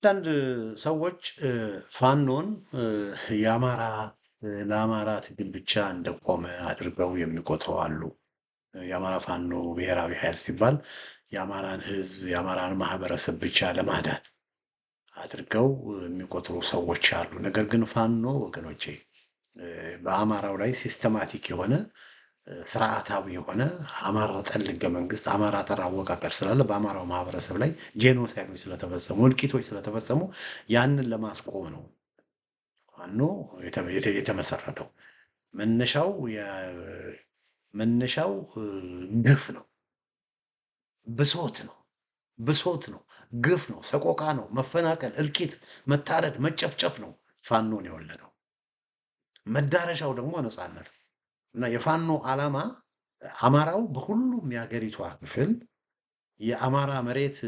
አንዳንድ ሰዎች ፋኖን የአማራ ለአማራ ትግል ብቻ እንደቆመ አድርገው የሚቆጥሩ አሉ። የአማራ ፋኖ ብሔራዊ ኃይል ሲባል የአማራን ሕዝብ የአማራን ማህበረሰብ ብቻ ለማዳን አድርገው የሚቆጥሩ ሰዎች አሉ። ነገር ግን ፋኖ ወገኖቼ በአማራው ላይ ሲስተማቲክ የሆነ ስርዓታዊ የሆነ አማራ ጠል መንግስት አማራ ጠር አወቃቀር ስላለ በአማራው ማህበረሰብ ላይ ጄኖሳይዶች ስለተፈጸሙ እልቂቶች ስለተፈጸሙ ያንን ለማስቆም ነው ፋኖ የተመሰረተው። መነሻው መነሻው ግፍ ነው፣ ብሶት ነው፣ ብሶት ነው፣ ግፍ ነው፣ ሰቆቃ ነው፣ መፈናቀል፣ እልቂት፣ መታረድ፣ መጨፍጨፍ ነው ፋኖን የወለደው። መዳረሻው ደግሞ ነፃነት እና የፋኖ ዓላማ አማራው በሁሉም የሀገሪቷ ክፍል የአማራ መሬት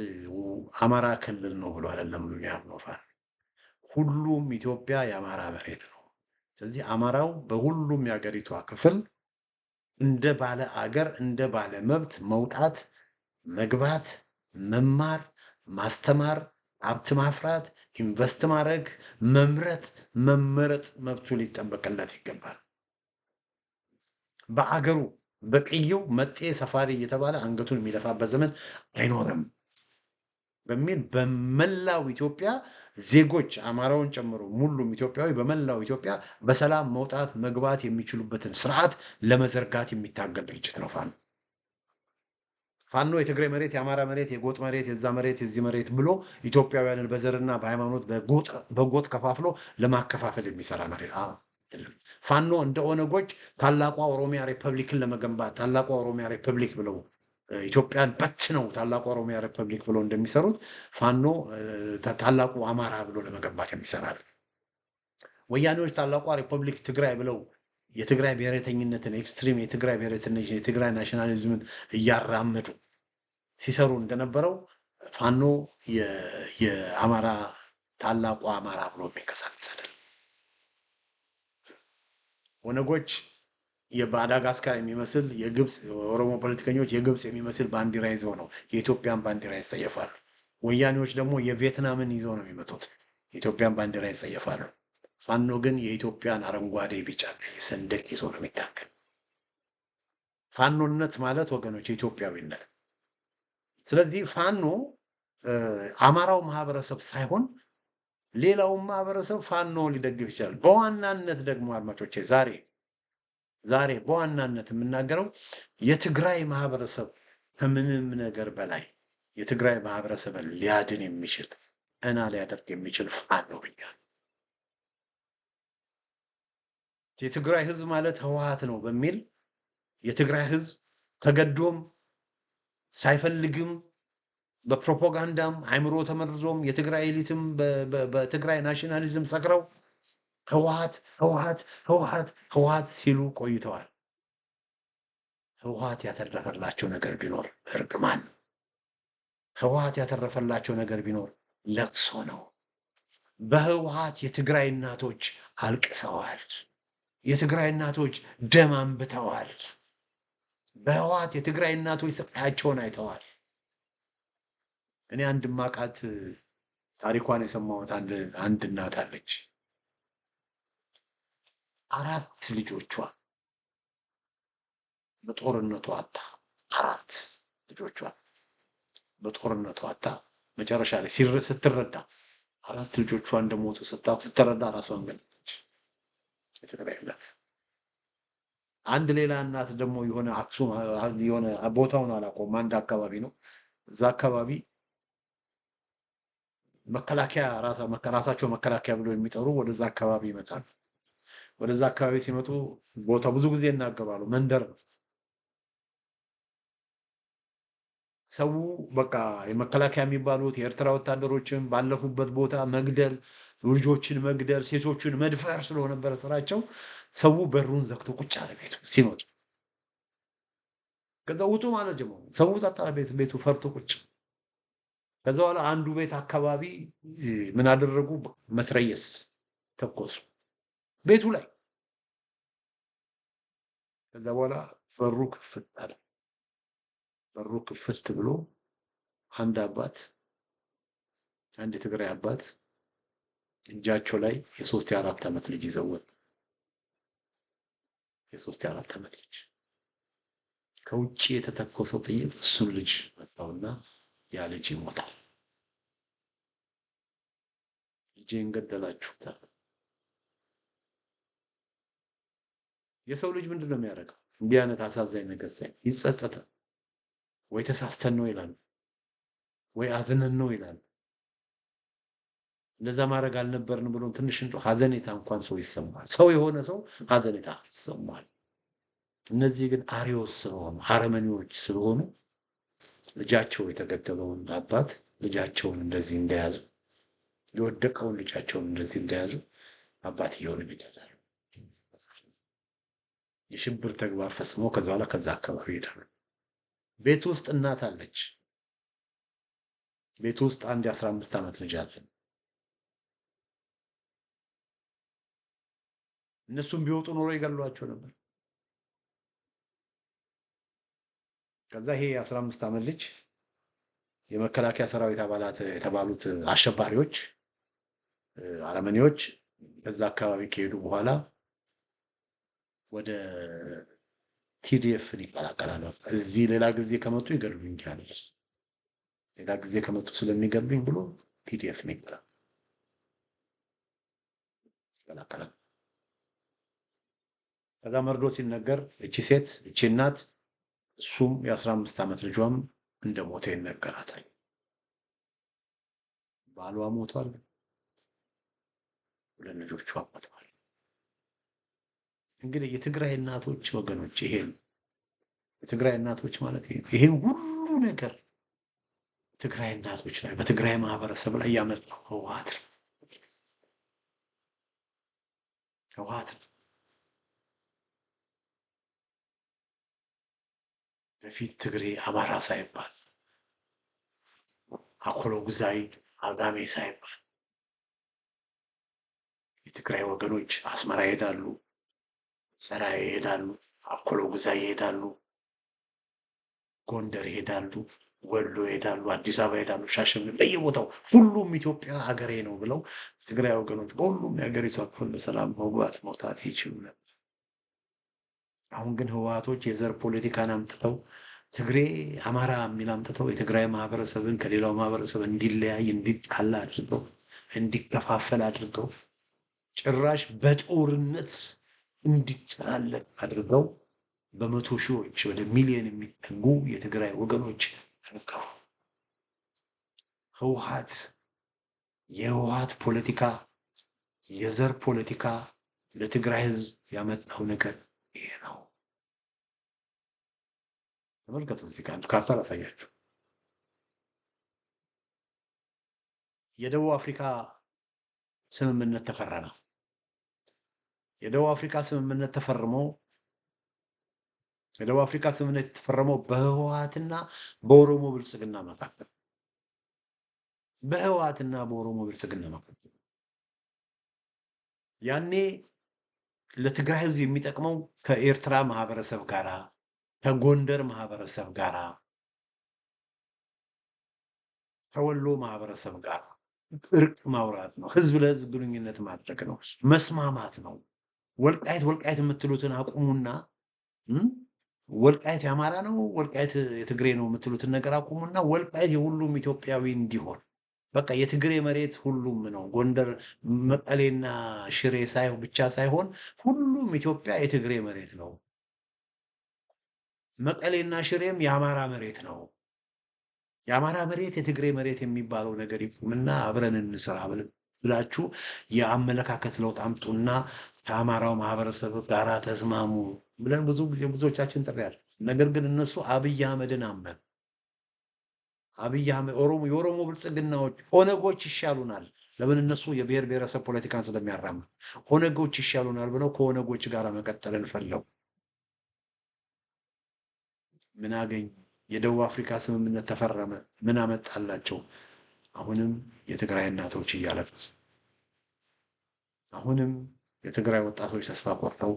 አማራ ክልል ነው ብሎ አይደለም የሚያምነው ፋኖ። ሁሉም ኢትዮጵያ የአማራ መሬት ነው። ስለዚህ አማራው በሁሉም የሀገሪቷ ክፍል እንደ ባለ አገር እንደ ባለ መብት መውጣት፣ መግባት፣ መማር፣ ማስተማር፣ ሀብት ማፍራት፣ ኢንቨስት ማድረግ፣ መምረጥ፣ መመረጥ መብቱ ሊጠበቅለት ይገባል። በአገሩ በቅየው መጤ ሰፋሪ እየተባለ አንገቱን የሚለፋበት ዘመን አይኖርም በሚል በመላው ኢትዮጵያ ዜጎች አማራውን ጨምሮ ሙሉም ኢትዮጵያዊ በመላው ኢትዮጵያ በሰላም መውጣት መግባት የሚችሉበትን ስርዓት ለመዘርጋት የሚታገል ድርጅት ነው ፋኖ። ፋኖ የትግራይ መሬት፣ የአማራ መሬት፣ የጎጥ መሬት፣ የዛ መሬት፣ የዚህ መሬት ብሎ ኢትዮጵያውያንን በዘርና በሃይማኖት በጎጥ ከፋፍሎ ለማከፋፈል የሚሰራ መሬት ፋኖ እንደ ኦነጎች ታላቋ ኦሮሚያ ሪፐብሊክን ለመገንባት ታላቋ ኦሮሚያ ሪፐብሊክ ብለው ኢትዮጵያን ነው ታላቁ ኦሮሚያ ሪፐብሊክ ብሎ እንደሚሰሩት ፋኖ ታላቁ አማራ ብሎ ለመገንባት የሚሰራል። ወያኔዎች ታላቋ ሪፐብሊክ ትግራይ ብለው የትግራይ ብሔረተኝነትን ኤክስትሪም የትግራይ ብሔረተኝነትን የትግራይ ናሽናሊዝምን እያራመዱ ሲሰሩ እንደነበረው ፋኖ የአማራ ታላቁ አማራ ብሎ የሚንቀሳቀስ አይደለም። ኦነጎች የማዳጋስካር የሚመስል የግብፅ የኦሮሞ ፖለቲከኞች የግብፅ የሚመስል ባንዲራ ይዘው ነው የኢትዮጵያን ባንዲራ ይጸየፋሉ። ወያኔዎች ደግሞ የቪየትናምን ይዘው ነው የሚመጡት፣ የኢትዮጵያን ባንዲራ ይጸየፋሉ። ፋኖ ግን የኢትዮጵያን አረንጓዴ፣ ቢጫ ሰንደቅ ይዞ ነው የሚታገል። ፋኖነት ማለት ወገኖች የኢትዮጵያዊነት። ስለዚህ ፋኖ አማራው ማህበረሰብ ሳይሆን ሌላውም ማህበረሰብ ፋኖ ሊደግፍ ይችላል። በዋናነት ደግሞ አድማጮቼ ዛሬ ዛሬ በዋናነት የምናገረው የትግራይ ማህበረሰብ ከምንም ነገር በላይ የትግራይ ማህበረሰብን ሊያድን የሚችል እና ሊያደርግ የሚችል ፋኖ ብኛል። የትግራይ ህዝብ ማለት ህወሀት ነው በሚል የትግራይ ህዝብ ተገዶም ሳይፈልግም በፕሮፓጋንዳም አይምሮ ተመርዞም የትግራይ ኤሊትም በትግራይ ናሽናሊዝም ሰክረው ህወሀት ህወሀት ህወሀት ህወሀት ሲሉ ቆይተዋል። ህወሀት ያተረፈላቸው ነገር ቢኖር እርግማን፣ ህወሀት ያተረፈላቸው ነገር ቢኖር ለቅሶ ነው። በህወሀት የትግራይ እናቶች አልቅሰዋል። የትግራይ እናቶች ደም አንብተዋል። በህወሀት የትግራይ እናቶች ስቃያቸውን አይተዋል። እኔ አንድ ማቃት ታሪኳን የሰማሁት አንድ እናት አለች። አራት ልጆቿ በጦርነቱ አታ አራት ልጆቿ በጦርነቱ አታ መጨረሻ ላይ ስትረዳ አራት ልጆቿ እንደሞቱ ስታ ስትረዳ ራሷን ገለች። የትግራይ አንድ ሌላ እናት ደግሞ የሆነ አክሱም የሆነ ቦታውን አላውቀውም አንድ አካባቢ ነው እዛ አካባቢ መከላከያ ራሳቸው መከላከያ ብለው የሚጠሩ ወደዛ አካባቢ ይመጣሉ። ወደዛ አካባቢ ሲመጡ ቦታ ብዙ ጊዜ እናገባሉ። መንደር ነው ሰው በቃ የመከላከያ የሚባሉት የኤርትራ ወታደሮችን ባለፉበት ቦታ መግደል፣ ልጆችን መግደል፣ ሴቶችን መድፈር ስለሆነበረ ስራቸው ሰው በሩን ዘግቶ ቁጭ አለ ቤቱ ሲመጡ። ከዛ ውጡ ማለት ጀመሩ። ሰው ጸጥ አለ ቤቱ ፈርቶ ቁጭ ከዛ በኋላ አንዱ ቤት አካባቢ ምን አደረጉ? መትረየስ ተኮሱ ቤቱ ላይ። ከዛ በኋላ በሩ ክፍት አለ። በሩ ክፍት ብሎ አንድ አባት አንድ የትግራይ አባት እጃቸው ላይ የሶስት የአራት ዓመት ልጅ ይዘወት የሶስት የአራት ዓመት ልጅ ከውጭ የተተኮሰው ጥይት እሱን ልጅ መታውና ያ ልጅ ይሞታል። ልጄን ገደላችሁታል። የሰው ልጅ ምንድን ነው የሚያደርገው? እንዲህ አይነት አሳዛኝ ነገር ሳይ ይጸጸታል። ወይ ተሳስተን ነው ይላል፣ ወይ አዝነን ነው ይላል። እንደዛ ማድረግ አልነበርን ብሎ ትንሽ ሀዘኔታ እንኳን ሰው ይሰማል። ሰው የሆነ ሰው ሀዘኔታ ይሰማል። እነዚህ ግን አሪዎስ ስለሆኑ አረመኔዎች ስለሆኑ ልጃቸው የተገደለውን አባት ልጃቸውን እንደዚህ እንደያዙ የወደቀውን ልጃቸውን እንደዚህ እንደያዙ አባትየውን ይገዳሉ። የሽብር ተግባር ፈጽሞ ከዛ በኋላ ከዛ አካባቢ ይሄዳሉ። ቤት ውስጥ እናት አለች። ቤት ውስጥ አንድ የአስራ አምስት ዓመት ልጅ አለ። እነሱም ቢወጡ ኖሮ ይገሏቸው ነበር። ከዛ ይሄ የአስራ አምስት ዓመት ልጅ የመከላከያ ሰራዊት አባላት የተባሉት አሸባሪዎች አረመኔዎች ከዛ አካባቢ ከሄዱ በኋላ ወደ ቲዲኤፍን ይቀላቀላል። እዚህ ሌላ ጊዜ ከመጡ ይችላል፣ ሌላ ጊዜ ከመጡ ስለሚገድሉኝ ብሎ ቲዲኤፍን ይቀላቀላል። ከዛ መርዶ ሲነገር እቺ ሴት እቺ እናት እሱም የ15 ዓመት ልጇም እንደ ሞተ ይነገራታል። ባሏ ሞቷል፣ ሁለት ልጆቿ ሞተዋል። እንግዲህ የትግራይ እናቶች ወገኖች ይሄን የትግራይ እናቶች ማለት ይሄን ሁሉ ነገር ትግራይ እናቶች ላይ በትግራይ ማህበረሰብ ላይ ያመጣው ህወሓት ነው ህወሓት ነው። በፊት ትግሬ፣ አማራ ሳይባል አኮሎ ጉዛይ፣ አጋሜ ሳይባል የትግራይ ወገኖች አስመራ ይሄዳሉ፣ ሰራ ይሄዳሉ፣ አኮሎ ጉዛይ ይሄዳሉ፣ ጎንደር ይሄዳሉ፣ ወሎ ይሄዳሉ፣ አዲስ አበባ ይሄዳሉ፣ ሻሸመኔ በየቦታው ሁሉም ኢትዮጵያ ሀገሬ ነው ብለው ትግራይ ወገኖች በሁሉም የሀገሪቷ ክፍል በሰላም መግባት መውጣት ይችሉ ነበር። አሁን ግን ህወሓቶች የዘር ፖለቲካን አምጥተው ትግሬ፣ አማራ የሚል አምጥተው የትግራይ ማህበረሰብን ከሌላው ማህበረሰብ እንዲለያይ፣ እንዲጣላ አድርገው እንዲከፋፈል አድርገው ጭራሽ በጦርነት እንዲተላለቅ አድርገው በመቶ ሺዎች ወደ ሚሊዮን የሚጠጉ የትግራይ ወገኖች ተረከፉ። ህወሓት የህወሓት ፖለቲካ የዘር ፖለቲካ ለትግራይ ህዝብ ያመጣው ነገር ይሄ ነው። ተመልከቱ። እዚህ ጋር ካርታ ላሳያችሁ። የደቡብ አፍሪካ ስምምነት ተፈረመ። የደቡብ አፍሪካ ስምምነት ተፈርሞ የደቡብ አፍሪካ ስምምነት የተፈረመው በህወሓትና በኦሮሞ ብልጽግና መካከል በህወሓትና በኦሮሞ ብልጽግና መካከል ያኔ ለትግራይ ህዝብ የሚጠቅመው ከኤርትራ ማህበረሰብ ጋር ከጎንደር ማህበረሰብ ጋር ከወሎ ማህበረሰብ ጋር እርቅ ማውራት ነው። ህዝብ ለህዝብ ግንኙነት ማድረግ ነው። መስማማት ነው። ወልቃይት ወልቃይት የምትሉትን አቁሙና ወልቃይት የአማራ ነው፣ ወልቃይት የትግሬ ነው የምትሉትን ነገር አቁሙና ወልቃይት የሁሉም ኢትዮጵያዊ እንዲሆን በቃ የትግሬ መሬት ሁሉም ነው። ጎንደር መቀሌና ሽሬ ብቻ ሳይሆን ሁሉም ኢትዮጵያ የትግሬ መሬት ነው። መቀሌና ሽሬም የአማራ መሬት ነው። የአማራ መሬት የትግሬ መሬት የሚባለው ነገር ይቁምና አብረን እንስራ ብላችሁ የአመለካከት ለውጥ አምጡና ከአማራው ማህበረሰብ ጋራ ተስማሙ ብለን ብዙ ጊዜ ብዙዎቻችን ጥሪያል። ነገር ግን እነሱ አብይ አህመድን አመን አብይ አህመድ የኦሮሞ ብልጽግናዎች ኦነጎች ይሻሉናል፣ ለምን እነሱ የብሔር ብሔረሰብ ፖለቲካን ስለሚያራምዱ ኦነጎች ይሻሉናል ብለው ከኦነጎች ጋር መቀጠልን ፈለጉ። ምን አገኙ? የደቡብ አፍሪካ ስምምነት ተፈረመ፣ ምን አመጣላቸው? አሁንም የትግራይ እናቶች እያለቀሱ፣ አሁንም የትግራይ ወጣቶች ተስፋ ቆርጠው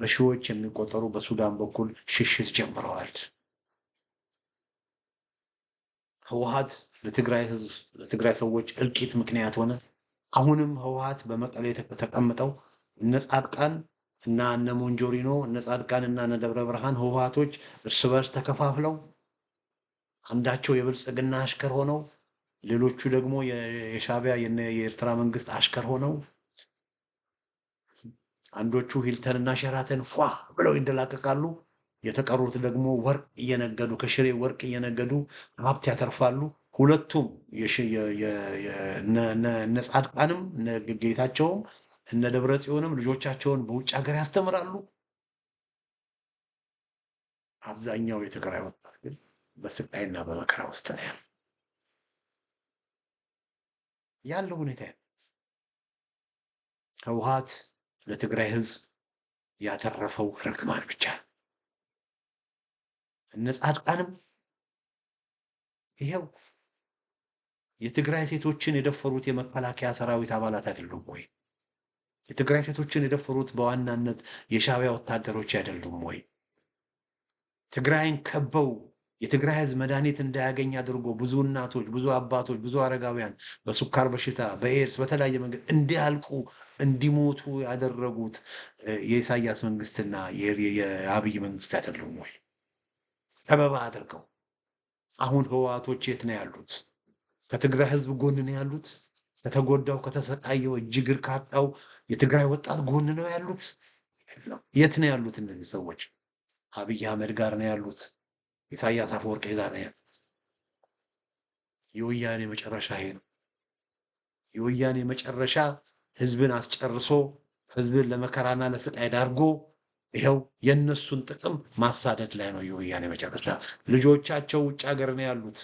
በሺዎች የሚቆጠሩ በሱዳን በኩል ሽሽት ጀምረዋል። ህወሀት ለትግራይ ህዝብ ለትግራይ ሰዎች እልቂት ምክንያት ሆነ። አሁንም ህወሀት በመቀሌ ተቀምጠው እነ ጻድቃን እና እነ ሞንጆሪኖ እነ ጻድቃን እና እነ ደብረ ብርሃን ህወሀቶች እርስ በርስ ተከፋፍለው አንዳቸው የብልጽግና አሽከር ሆነው ሌሎቹ ደግሞ የሻቢያ የኤርትራ መንግስት አሽከር ሆነው አንዶቹ ሂልተንና ሸራተን ፏ ብለው ይንደላቀቃሉ። የተቀሩት ደግሞ ወርቅ እየነገዱ ከሽሬ ወርቅ እየነገዱ ሀብት ያተርፋሉ። ሁለቱም እነ ጻድቃንም ጌታቸውም እነ ደብረ ጽዮንም ልጆቻቸውን በውጭ ሀገር ያስተምራሉ። አብዛኛው የትግራይ ወጣት ግን በስቃይና በመከራ ውስጥ ነው ያለው። ያለው ሁኔታ ያለ ህወሓት ለትግራይ ህዝብ ያተረፈው ርግማን ብቻ ነው። እነ ጻድቃንም ይሄው የትግራይ ሴቶችን የደፈሩት የመከላከያ ሰራዊት አባላት አይደሉም ወይ? የትግራይ ሴቶችን የደፈሩት በዋናነት የሻቢያ ወታደሮች አይደሉም ወይ? ትግራይን ከበው የትግራይ ህዝብ መድኃኒት እንዳያገኝ አድርጎ ብዙ እናቶች፣ ብዙ አባቶች፣ ብዙ አረጋውያን በሱካር በሽታ በኤድስ በተለያየ መንገድ እንዲያልቁ እንዲሞቱ ያደረጉት የኢሳያስ መንግስትና የአብይ መንግስት አይደሉም ወይ? ከበባ አድርገው አሁን ህወሓቶች የት ነው ያሉት? ከትግራይ ህዝብ ጎን ነው ያሉት ከተጎዳው ከተሰቃየው እጅግር ካጣው የትግራይ ወጣት ጎን ነው ያሉት? የት ነው ያሉት? እነዚህ ሰዎች አብይ አህመድ ጋር ነው ያሉት። ኢሳያስ አፈወርቄ ጋር ነው ያሉት። የወያኔ መጨረሻ ይሄ ነው። የወያኔ መጨረሻ ህዝብን አስጨርሶ ህዝብን ለመከራና ለስቃይ ዳርጎ ይኸው የእነሱን ጥቅም ማሳደድ ላይ ነው የወያኔ መጨረሻ። ልጆቻቸው ውጭ ሀገር ነው ያሉት።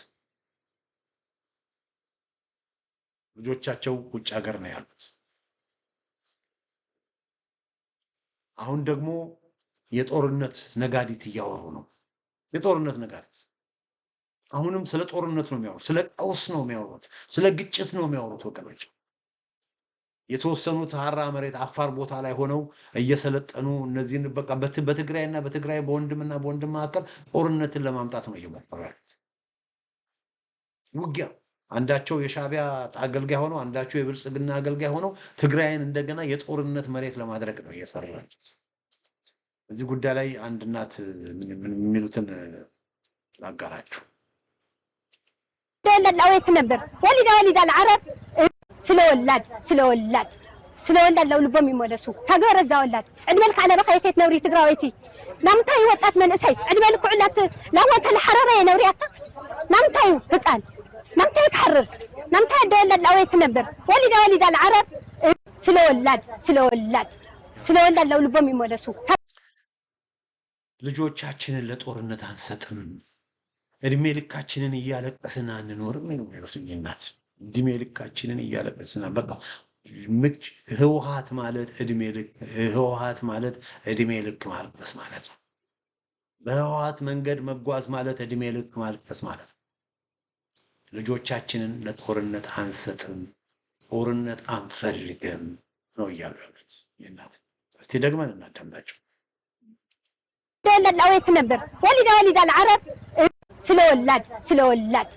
ልጆቻቸው ውጭ ሀገር ነው ያሉት። አሁን ደግሞ የጦርነት ነጋሪት እያወሩ ነው። የጦርነት ነጋሪት አሁንም ስለ ጦርነት ነው የሚያወሩት፣ ስለ ቀውስ ነው የሚያወሩት፣ ስለ ግጭት ነው የሚያወሩት ወገኖች። የተወሰኑት ሀራ መሬት አፋር ቦታ ላይ ሆነው እየሰለጠኑ እነዚህን በቃ በትግራይና በትግራይ በወንድምና በወንድም መካከል ጦርነትን ለማምጣት ነው እየሞከሩ ያሉት ውጊያ አንዳቸው የሻቢያ አገልጋይ ሆነው አንዳቸው የብልጽግና አገልጋይ ሆነው ትግራይን እንደገና የጦርነት መሬት ለማድረግ ነው እየሰራት። እዚህ ጉዳይ ላይ አንድ እናት የሚሉትን ላጋራችሁ። ለላዌት ነበር ወሊዳ ወሊዳ ለዓረብ ስለወላድ ስለወላድ ስለወላድ ለው ይመለሱ ታገረ እዛ ወላድ ዕድመልካ ኣነ ብኸየተት ነብሪ ትግራወይቲ ናምንታይ ወጣት መንእሰይ ዕድመልክዑ ላወንተ ንሓረረየ ነብሪ ኣታ ናምንታይ ህፃን መምታ ይካርር መምታ ያደለላ ለወይት ነበር ወሊዳ ወሊዳ ለዓረብ ስለወላድ ስለወላድ ስለወላድ ለውልቦም ይመለሱ። ልጆቻችንን ለጦርነት አንሰጥም፣ እድሜ ልካችንን እያለቀስን አንኖርም የሚሉት እናት እድሜ ልካችንን እያለቀስን በቃ ህወሓት ማለት እድሜ ልክ ህወሓት ማለት እድሜ ልክ ማልቀስ ማለት ነው። በህወሓት መንገድ መጓዝ ማለት እድሜ ልክ ማልቀስ ማለት ነው። ልጆቻችንን ለጦርነት አንሰጥም፣ ጦርነት አንፈልግም ነው እያሉ ያሉት እናት። እስቲ ደግመን እናዳምጣቸው። ለላውየት ነበር ወሊዳ ወሊዳ ለአረብ ስለወላድ ስለወላድ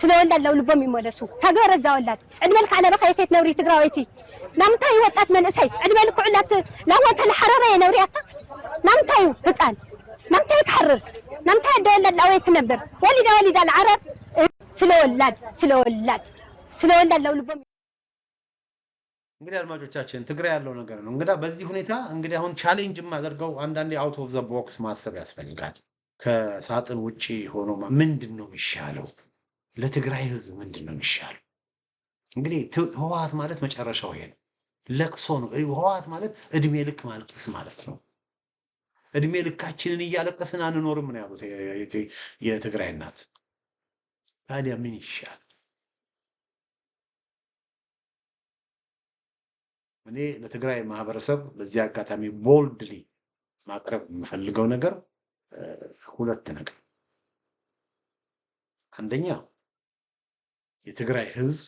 ስለወላድ ለውልቦም ይመለሱ ታገረ እዛ ወላድ ዕድመልክ ኣነ ብኸየተይት ነብሪ ትግራወይቲ ናምንታይ ወጣት መንእሰይ ዕድመልክ ዑላት ናወንተ ንሓረረ ነብሪያታ ናምንታዩ ህፃን ናምንታይ ክሓርር ናምንታይ ደወለድ ወላድ ነበር ወሊዳ ወሊዳ ለዓረብ ስለወላድ ስለወላድ ስለወላድ ለሁሉም እንግዲህ አድማጮቻችን ትግራይ ያለው ነገር ነው። እንግዲህ በዚህ ሁኔታ እንግዲህ አሁን ቻሌንጅ የማደርገው አንዳንዴ አውት ኦፍ ዘ ቦክስ ማሰብ ያስፈልጋል። ከሳጥን ውጭ ሆኖ ምንድን ነው የሚሻለው? ለትግራይ ህዝብ ምንድን ነው የሚሻለው? እንግዲህ ህወሓት ማለት መጨረሻው ይሄ ነው፣ ለቅሶ ነው። ህወሓት ማለት እድሜ ልክ ማልቀስ ማለት ነው። እድሜ ልካችንን እያለቀስን አንኖርም ነው ያሉት የትግራይ እናት። ታዲያ ምን ይሻል? እኔ ለትግራይ ማህበረሰብ በዚህ አጋጣሚ ቦልድሊ ማቅረብ የምፈልገው ነገር ሁለት ነገር፣ አንደኛ የትግራይ ህዝብ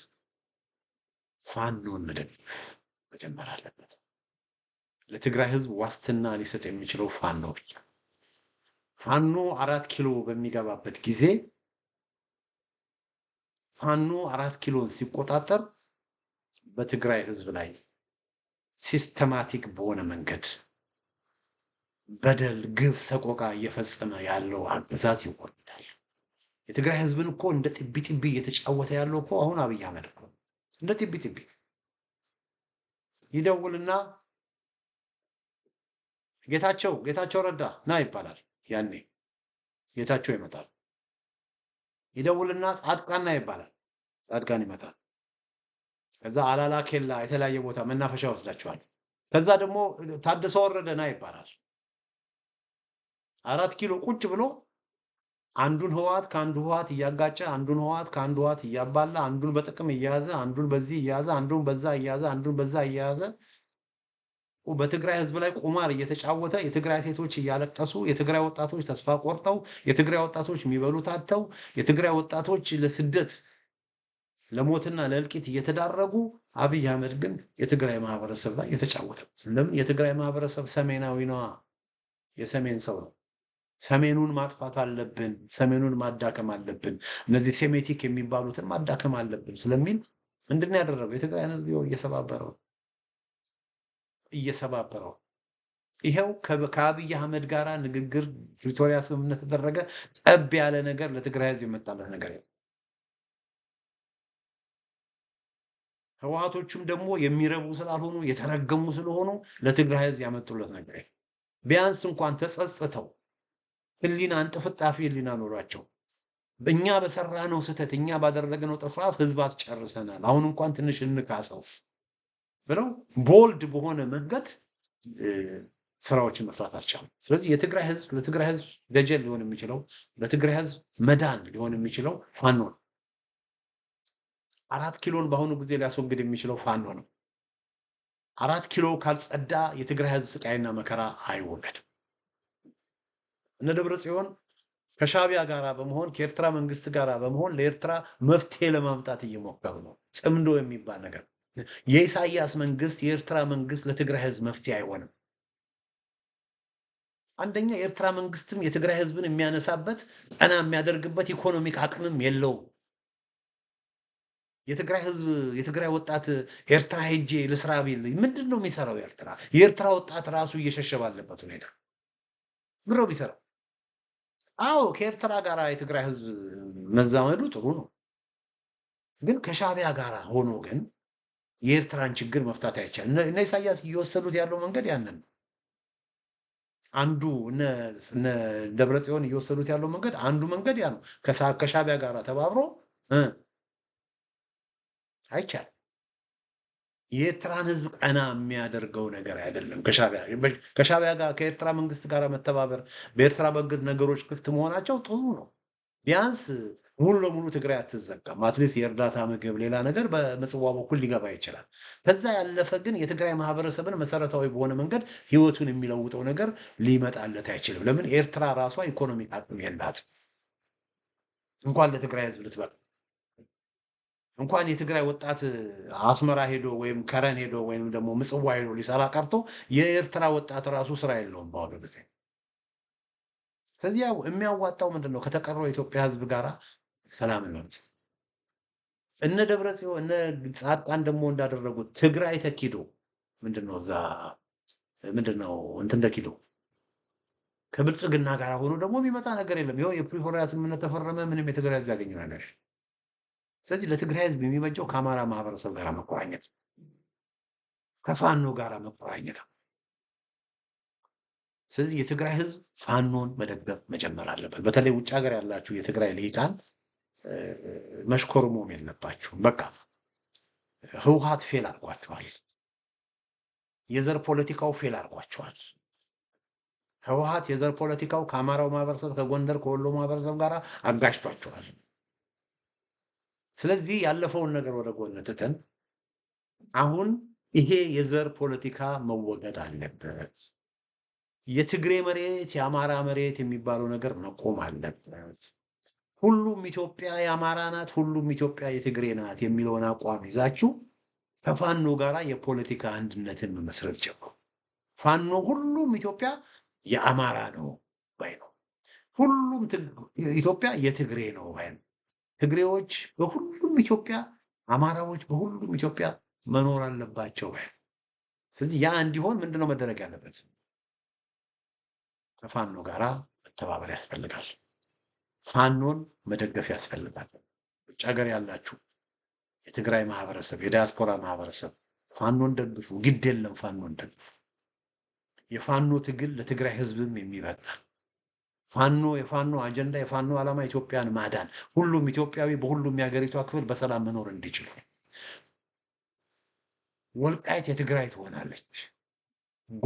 ፋኖን መደገፍ መጀመር አለበት። ለትግራይ ህዝብ ዋስትና ሊሰጥ የሚችለው ፋኖ ብቻ። ፋኖ አራት ኪሎ በሚገባበት ጊዜ ፋኖ አራት ኪሎን ሲቆጣጠር በትግራይ ህዝብ ላይ ሲስተማቲክ በሆነ መንገድ በደል፣ ግፍ፣ ሰቆቃ እየፈጸመ ያለው አገዛዝ ይወርዳል። የትግራይ ህዝብን እኮ እንደ ጥቢ ጥቢ እየተጫወተ ያለው እኮ አሁን አብይ አህመድ እንደ ጥቢ ጥቢ ይደውልና ጌታቸው ጌታቸው ረዳ ና ይባላል። ያኔ ጌታቸው ይመጣል። ይደውልና ጻድቃና ይባላል። ጻድቃን ይመጣል። ከዛ አላላ ኬላ፣ የተለያየ ቦታ መናፈሻ ይወስዳቸዋል። ከዛ ደግሞ ታደሰ ወረደና ይባላል። አራት ኪሎ ቁጭ ብሎ አንዱን ህወሓት ከአንዱ ህወሓት እያጋጨ አንዱን ህወሓት ከአንዱ ህወሓት እያባላ አንዱን በጥቅም እያያዘ አንዱን በዚህ እያያዘ አንዱን በዛ እያያዘ አንዱን በዛ እያያዘ በትግራይ ህዝብ ላይ ቁማር እየተጫወተ የትግራይ ሴቶች እያለቀሱ የትግራይ ወጣቶች ተስፋ ቆርጠው የትግራይ ወጣቶች የሚበሉት አጥተው የትግራይ ወጣቶች ለስደት ለሞትና ለእልቂት እየተዳረጉ አብይ አህመድ ግን የትግራይ ማህበረሰብ ላይ የተጫወተ ለምን የትግራይ ማህበረሰብ ሰሜናዊ ነዋ የሰሜን ሰው ነው ሰሜኑን ማጥፋት አለብን ሰሜኑን ማዳከም አለብን እነዚህ ሴሜቲክ የሚባሉትን ማዳከም አለብን ስለሚል ምንድን ያደረገው የትግራይን ህዝብ እየሰባበረው እየሰባበረው ይኸው ከአብይ አህመድ ጋር ንግግር ፕሪቶሪያ ስምምነት ተደረገ። ጠብ ያለ ነገር ለትግራይ ህዝብ የመጣለት ነገር ህወሀቶቹም ደግሞ የሚረቡ ስላልሆኑ የተረገሙ ስለሆኑ ለትግራይ ህዝብ ያመጡለት ነገር ቢያንስ እንኳን ተጸጽተው ህሊና እንጥፍጣፊ ህሊና ኖሯቸው እኛ በሰራነው ስህተት እኛ ባደረግነው ጥፋት ህዝባት ጨርሰናል። አሁን እንኳን ትንሽ እንካሰው። ብለው ቦልድ በሆነ መንገድ ስራዎችን መስራት አልቻሉም። ስለዚህ የትግራይ ህዝብ ለትግራይ ህዝብ ደጀን ሊሆን የሚችለው ለትግራይ ህዝብ መዳን ሊሆን የሚችለው ፋኖ ነው። አራት ኪሎን በአሁኑ ጊዜ ሊያስወግድ የሚችለው ፋኖ ነው። አራት ኪሎ ካልጸዳ የትግራይ ህዝብ ስቃይና መከራ አይወገድም። እነ ደብረ ጽዮን ከሻቢያ ጋር በመሆን ከኤርትራ መንግስት ጋር በመሆን ለኤርትራ መፍትሄ ለማምጣት እየሞከሩ ነው። ጽምዶ የሚባል ነገር የኢሳይያስ መንግስት የኤርትራ መንግስት ለትግራይ ህዝብ መፍትሄ አይሆንም። አንደኛ የኤርትራ መንግስትም የትግራይ ህዝብን የሚያነሳበት ቀና የሚያደርግበት ኢኮኖሚክ አቅምም የለው የትግራይ ህዝብ የትግራይ ወጣት ኤርትራ ሄጄ ልስራ ቢል ምንድን ነው የሚሰራው? ኤርትራ የኤርትራ ወጣት ራሱ እየሸሸ ባለበት ሁኔታ ነው የሚሰራው? አዎ ከኤርትራ ጋር የትግራይ ህዝብ መዛመዱ ጥሩ ነው፣ ግን ከሻቢያ ጋር ሆኖ ግን የኤርትራን ችግር መፍታት አይቻልም። እነ ኢሳያስ እየወሰዱት ያለው መንገድ ያንን ነው። አንዱ እነ ደብረ ጽዮን እየወሰዱት ያለው መንገድ አንዱ መንገድ ያ ነው። ከሻቢያ ጋር ተባብሮ አይቻልም። የኤርትራን ሕዝብ ቀና የሚያደርገው ነገር አይደለም። ከሻቢያ ጋር ከኤርትራ መንግስት ጋር መተባበር፣ በኤርትራ በግድ ነገሮች ክፍት መሆናቸው ጥሩ ነው። ቢያንስ ሙሉ ለሙሉ ትግራይ አትዘጋም። አትሊስት የእርዳታ ምግብ፣ ሌላ ነገር በምጽዋ በኩል ሊገባ ይችላል። ከዛ ያለፈ ግን የትግራይ ማህበረሰብን መሰረታዊ በሆነ መንገድ ህይወቱን የሚለውጠው ነገር ሊመጣለት አይችልም። ለምን? ኤርትራ ራሷ ኢኮኖሚ አቅም የላት እንኳን ለትግራይ ህዝብ ልትበቅ እንኳን የትግራይ ወጣት አስመራ ሄዶ ወይም ከረን ሄዶ ወይም ደግሞ ምጽዋ ሄዶ ሊሰራ ቀርቶ የኤርትራ ወጣት ራሱ ስራ የለውም በአሁኑ ጊዜ። ስለዚህ የሚያዋጣው ምንድን ነው? ከተቀረው የኢትዮጵያ ህዝብ ጋር ሰላም ይመርጽ። እነ ደብረ ሲሆ እነ ጻድቃን ደግሞ እንዳደረጉት ትግራይ ተኪዶ ምንድነው እዛ ምንድነው እንትን ተኪዶ ከብልጽግና ጋር ሆኖ ደግሞ የሚመጣ ነገር የለም። ይኸው የፕሪቶሪያ ስምምነት ተፈረመ፣ ምንም የትግራይ ህዝብ ያገኘው ነገር። ስለዚህ ለትግራይ ህዝብ የሚበጀው ከአማራ ማህበረሰብ ጋር መቆራኘት፣ ከፋኖ ጋር መቆራኘት። ስለዚህ የትግራይ ህዝብ ፋኖን መደገፍ መጀመር አለበት። በተለይ ውጭ ሀገር ያላችሁ የትግራይ ልሂቃን መሽኮርሞም የለባቸውም በቃ ህውሀት ፌል አድርጓቸዋል። የዘር ፖለቲካው ፌል አድርጓቸዋል። ህውሀት የዘር ፖለቲካው ከአማራው ማህበረሰብ ከጎንደር ከወሎ ማህበረሰብ ጋር አጋጭቷቸዋል። ስለዚህ ያለፈውን ነገር ወደ ጎን ትተን አሁን ይሄ የዘር ፖለቲካ መወገድ አለበት። የትግሬ መሬት የአማራ መሬት የሚባለው ነገር መቆም አለበት። ሁሉም ኢትዮጵያ የአማራ ናት፣ ሁሉም ኢትዮጵያ የትግሬ ናት የሚለውን አቋም ይዛችሁ ከፋኖ ጋር የፖለቲካ አንድነትን መመስረት ጀምሩ። ፋኖ ሁሉም ኢትዮጵያ የአማራ ነው ባይ ነው። ሁሉም ኢትዮጵያ የትግሬ ነው ባይ ነው። ትግሬዎች በሁሉም ኢትዮጵያ፣ አማራዎች በሁሉም ኢትዮጵያ መኖር አለባቸው ባይ ነው። ስለዚህ ያ እንዲሆን ምንድነው መደረግ ያለበት? ከፋኖ ጋራ መተባበር ያስፈልጋል። ፋኖን መደገፍ ያስፈልጋል። ውጭ ሀገር ያላችሁ የትግራይ ማህበረሰብ፣ የዲያስፖራ ማህበረሰብ ፋኖን ደግፉ። ግድ የለም ፋኖን ደግፉ። የፋኖ ትግል ለትግራይ ህዝብም የሚበቃል። ፋኖ የፋኖ አጀንዳ የፋኖ ዓላማ ኢትዮጵያን ማዳን፣ ሁሉም ኢትዮጵያዊ በሁሉም የሀገሪቷ ክፍል በሰላም መኖር እንዲችሉ። ወልቃይት የትግራይ ትሆናለች።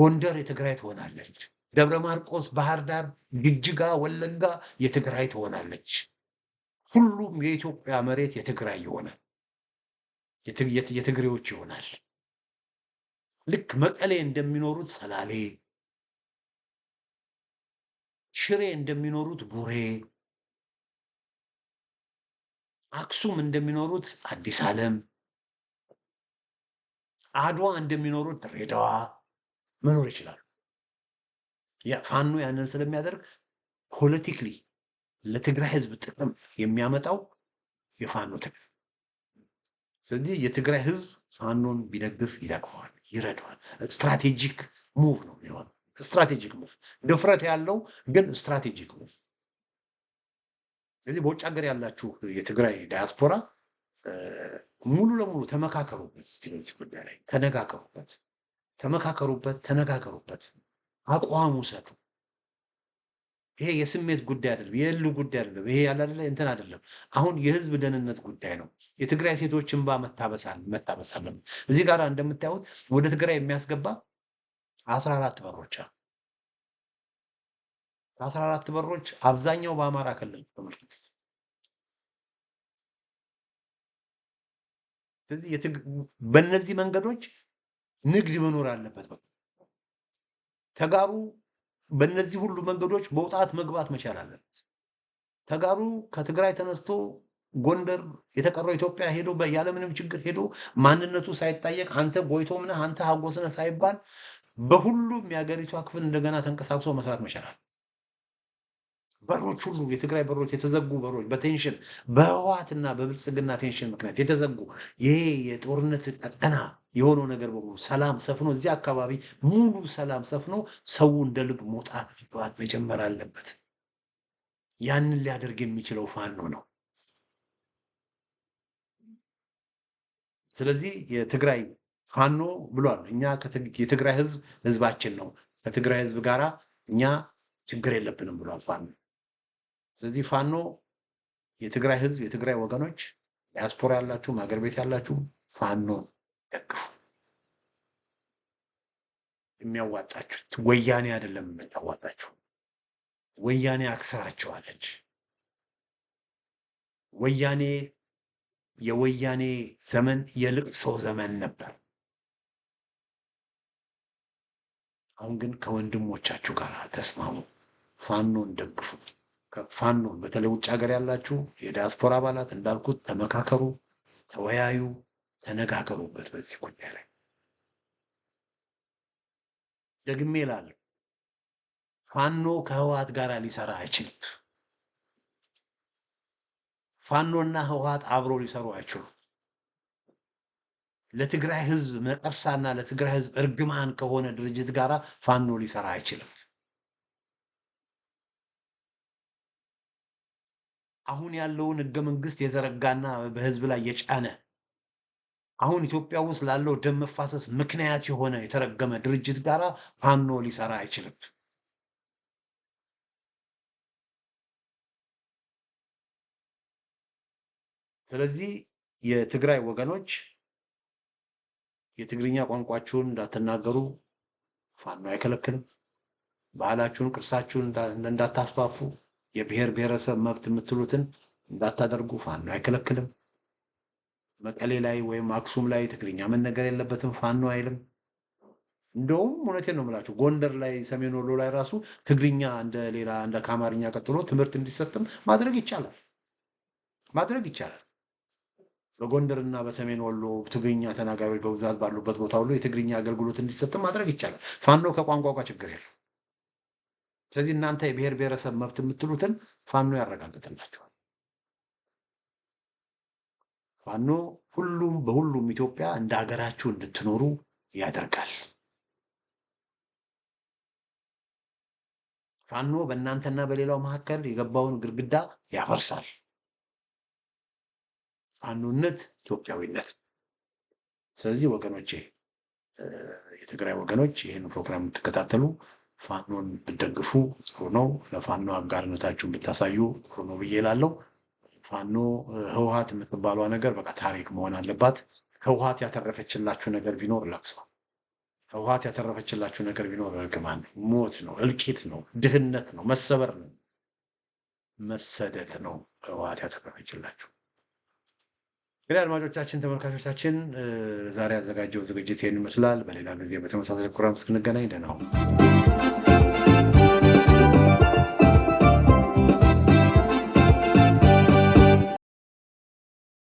ጎንደር የትግራይ ትሆናለች። ደብረ ማርቆስ፣ ባህር ዳር፣ ግጅጋ፣ ወለጋ የትግራይ ትሆናለች። ሁሉም የኢትዮጵያ መሬት የትግራይ ይሆናል፣ የትግሬዎች ይሆናል። ልክ መቀሌ እንደሚኖሩት ሰላሌ፣ ሽሬ እንደሚኖሩት ቡሬ፣ አክሱም እንደሚኖሩት አዲስ ዓለም፣ አድዋ እንደሚኖሩት ድሬዳዋ መኖር ይችላሉ። ፋኖ ያንን ስለሚያደርግ ፖለቲክሊ ለትግራይ ህዝብ ጥቅም የሚያመጣው የፋኖ ትግል። ስለዚህ የትግራይ ህዝብ ፋኖን ቢደግፍ ይደግፈዋል፣ ይረዳዋል። ስትራቴጂክ ሙቭ ነው የሚሆነው። ስትራቴጂክ ሙቭ ድፍረት ያለው ግን ስትራቴጂክ ሙቭ። ስለዚህ በውጭ ሀገር ያላችሁ የትግራይ ዳያስፖራ ሙሉ ለሙሉ ተመካከሩበት፣ በዚህ ጉዳይ ላይ ተነጋገሩበት፣ ተመካከሩበት፣ ተነጋገሩበት። አቋም ውሰዱ። ይሄ የስሜት ጉዳይ አይደለም፣ የህሉ ጉዳይ አይደለም። ይሄ ያለ እንትን አይደለም። አሁን የህዝብ ደህንነት ጉዳይ ነው። የትግራይ ሴቶች እንባ መታበሳል። እዚህ ጋር እንደምታዩት ወደ ትግራይ የሚያስገባ አስራ አራት በሮች አሉ። አስራ አራት በሮች አብዛኛው በአማራ ክልል ስለዚህ በእነዚህ መንገዶች ንግድ መኖር አለበት በቃ ተጋሩ በእነዚህ ሁሉ መንገዶች መውጣት መግባት መቻል አለበት። ተጋሩ ከትግራይ ተነስቶ ጎንደር የተቀረው ኢትዮጵያ ሄዶ ያለምንም ችግር ሄዶ ማንነቱ ሳይጠየቅ አንተ ጎይቶም ነህ አንተ ሀጎስ ነህ ሳይባል በሁሉም የሀገሪቷ ክፍል እንደገና ተንቀሳቅሶ መስራት መቻል አለበት። በሮች ሁሉ የትግራይ በሮች የተዘጉ በሮች በቴንሽን በህወሓትና በብልጽግና ቴንሽን ምክንያት የተዘጉ ይሄ የጦርነት ቀጠና የሆነው ነገር በሙሉ ሰላም ሰፍኖ እዚህ አካባቢ ሙሉ ሰላም ሰፍኖ ሰው እንደ ልብ መውጣት ፍትዋት መጀመር አለበት። ያንን ሊያደርግ የሚችለው ፋኖ ነው። ስለዚህ የትግራይ ፋኖ ብሏል። እኛ የትግራይ ህዝብ ህዝባችን ነው። ከትግራይ ህዝብ ጋራ እኛ ችግር የለብንም ብሏል ፋኖ። ስለዚህ ፋኖ የትግራይ ህዝብ፣ የትግራይ ወገኖች፣ ዲያስፖራ ያላችሁም ሀገር ቤት ያላችሁ ፋኖን ደግፉ። የሚያዋጣችሁት ወያኔ አይደለም። የምታዋጣችሁ ወያኔ አክስራችኋለች። ወያኔ የወያኔ ዘመን የልቅሶ ዘመን ነበር። አሁን ግን ከወንድሞቻችሁ ጋር ተስማሙ፣ ፋኖን ደግፉ። ከፋኖን በተለይ ውጭ ሀገር ያላችሁ የዲያስፖራ አባላት እንዳልኩት ተመካከሩ፣ ተወያዩ፣ ተነጋገሩበት በዚህ ጉዳይ ላይ ደግሜ እላለሁ። ፋኖ ከህወሀት ጋር ሊሰራ አይችልም። ፋኖና ህወሀት አብሮ ሊሰሩ አይችሉም። ለትግራይ ህዝብ መቀርሳና ለትግራይ ህዝብ እርግማን ከሆነ ድርጅት ጋር ፋኖ ሊሰራ አይችልም። አሁን ያለውን ህገ መንግስት የዘረጋና በህዝብ ላይ የጫነ አሁን ኢትዮጵያ ውስጥ ላለው ደም መፋሰስ ምክንያት የሆነ የተረገመ ድርጅት ጋር ፋኖ ሊሰራ አይችልም። ስለዚህ የትግራይ ወገኖች የትግርኛ ቋንቋችሁን እንዳትናገሩ ፋኖ አይከለክልም። ባህላችሁን፣ ቅርሳችሁን እንዳታስፋፉ የብሔር ብሔረሰብ መብት የምትሉትን እንዳታደርጉ ፋኖ አይከለክልም። መቀሌ ላይ ወይም አክሱም ላይ ትግርኛ መነገር የለበትም ፋኖ አይልም። እንደውም እውነቴን ነው የምላቸው ጎንደር ላይ ሰሜን ወሎ ላይ ራሱ ትግርኛ እንደ ሌላ እንደ ከአማርኛ ቀጥሎ ትምህርት እንዲሰጥም ማድረግ ይቻላል ማድረግ ይቻላል። በጎንደርና በሰሜን ወሎ ትግርኛ ተናጋሪዎች በብዛት ባሉበት ቦታ ሁሉ የትግርኛ አገልግሎት እንዲሰጥም ማድረግ ይቻላል። ፋኖ ከቋንቋ ችግር የለም። ስለዚህ እናንተ የብሔር ብሔረሰብ መብት የምትሉትን ፋኖ ያረጋግጥላቸዋል። ፋኖ ሁሉም በሁሉም ኢትዮጵያ እንደ ሀገራችሁ እንድትኖሩ ያደርጋል። ፋኖ በእናንተና በሌላው መካከል የገባውን ግድግዳ ያፈርሳል። ፋኖነት ኢትዮጵያዊነት። ስለዚህ ወገኖቼ፣ የትግራይ ወገኖች ይህን ፕሮግራም የምትከታተሉ ፋኖን ብትደግፉ ጥሩ ነው። ለፋኖ አጋርነታችሁን ብታሳዩ ጥሩ ነው ብዬ እላለሁ። ፋኖ ህውሀት የምትባሏ ነገር በቃ ታሪክ መሆን አለባት። ህውሀት ያተረፈችላችሁ ነገር ቢኖር ለቅሷ፣ ህውሀት ያተረፈችላችሁ ነገር ቢኖር እርግማን፣ ሞት ነው፣ እልቂት ነው፣ ድህነት ነው፣ መሰበር ነው፣ መሰደድ ነው ህውሀት ያተረፈችላችሁ። እንግዲህ አድማጮቻችን፣ ተመልካቾቻችን ዛሬ ያዘጋጀው ዝግጅት ይህን ይመስላል። በሌላ ጊዜ በተመሳሳይ ፕሮግራም እስክንገናኝ ደህና ሁኑ።